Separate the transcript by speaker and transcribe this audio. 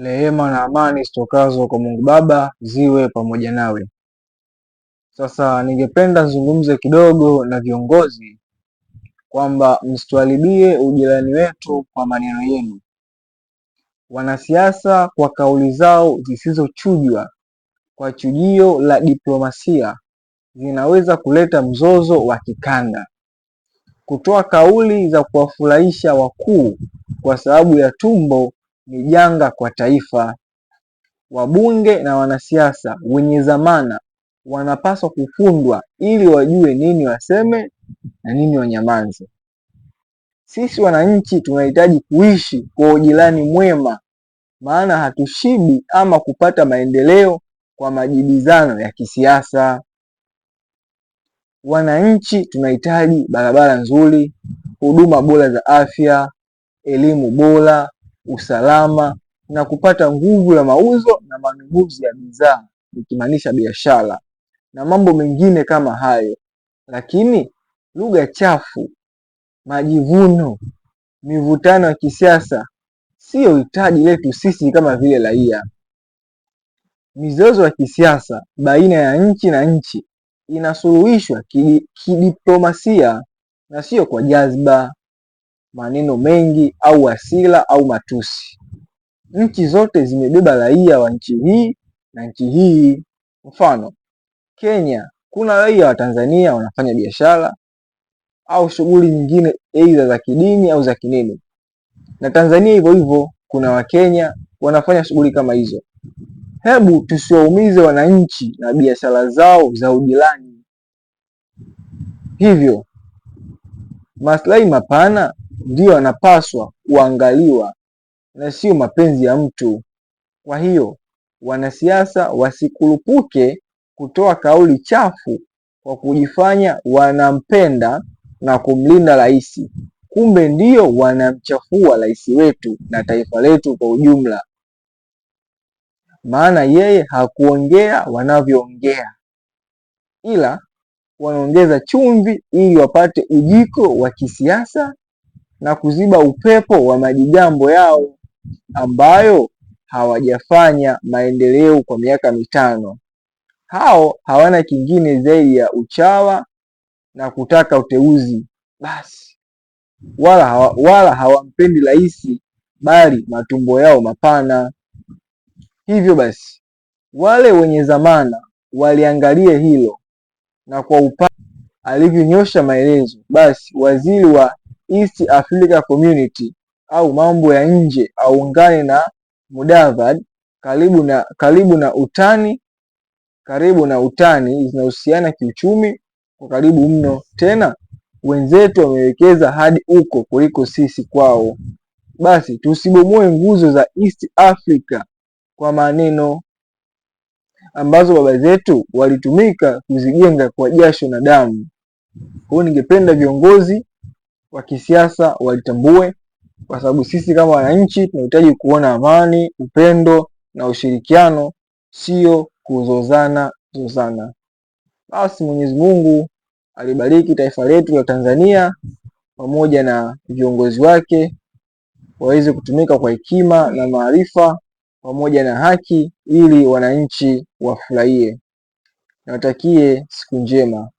Speaker 1: Rehema na amani zitokazo kwa Mungu Baba ziwe pamoja nawe. Sasa ningependa nizungumze kidogo na viongozi kwamba msitwalibie ujirani wetu kwa maneno yenu. Wanasiasa kwa kauli zao zisizochujwa kwa chujio la diplomasia zinaweza kuleta mzozo wa kikanda, kutoa kauli za kuwafurahisha wakuu kwa sababu ya tumbo ni janga kwa taifa. Wabunge na wanasiasa wenye dhamana wanapaswa kufundwa ili wajue nini waseme na nini wanyamaze. Sisi wananchi tunahitaji kuishi kwa ujirani mwema, maana hatushibi ama kupata maendeleo kwa majibizano ya kisiasa. Wananchi tunahitaji barabara nzuri, huduma bora za afya, elimu bora, usalama na kupata nguvu ya mauzo na manunuzi ya bidhaa, ikimaanisha biashara na mambo mengine kama hayo. Lakini lugha chafu, majivuno, mivutano ya kisiasa siyo hitaji letu sisi kama vile raia. Mizozo ya kisiasa baina ya nchi na nchi inasuluhishwa kidiplomasia na sio kwa jazba maneno mengi au hasira au matusi. Nchi zote zimebeba raia wa nchi hii na nchi hii. Mfano, Kenya kuna raia wa Tanzania wanafanya biashara au shughuli nyingine aidha za kidini au za kinini, na Tanzania hivyo hivyo kuna Wakenya wanafanya shughuli kama hizo. Hebu tusiwaumize wananchi na biashara zao za ujirani. Hivyo maslahi mapana ndiyo yanapaswa kuangaliwa na sio mapenzi ya mtu. Kwa hiyo wanasiasa wasikurupuke kutoa kauli chafu kwa kujifanya wanampenda na kumlinda rais, kumbe ndiyo wanamchafua rais wetu na taifa letu kwa ujumla. Maana yeye hakuongea wanavyoongea, ila wanaongeza chumvi ili wapate ujiko wa kisiasa na kuziba upepo wa majigambo yao ambayo hawajafanya maendeleo kwa miaka mitano. Hao hawana kingine zaidi ya uchawa na kutaka uteuzi basi, wala hawa, wala hawampendi rais, bali matumbo yao mapana. Hivyo basi wale wenye zamana waliangalie hilo na kwa upande alivyonyosha maelezo, basi waziri wa East Africa Community au mambo ya nje aungane na Mudavad karibu na, karibu na utani karibu na utani zinahusiana kiuchumi kwa karibu mno. Tena wenzetu wamewekeza hadi huko kuliko sisi kwao. Basi tusibomoe nguzo za East Africa kwa maneno ambazo baba zetu walitumika kuzijenga kwa jasho na damu. Kwa hiyo ningependa viongozi wa kisiasa walitambue, kwa sababu sisi kama wananchi tunahitaji kuona amani, upendo na ushirikiano, sio kuzozana zozana. Basi Mwenyezi Mungu alibariki taifa letu la Tanzania pamoja na viongozi wake waweze kutumika kwa hekima na maarifa pamoja na haki, ili wananchi wafurahie. Nawatakie siku njema.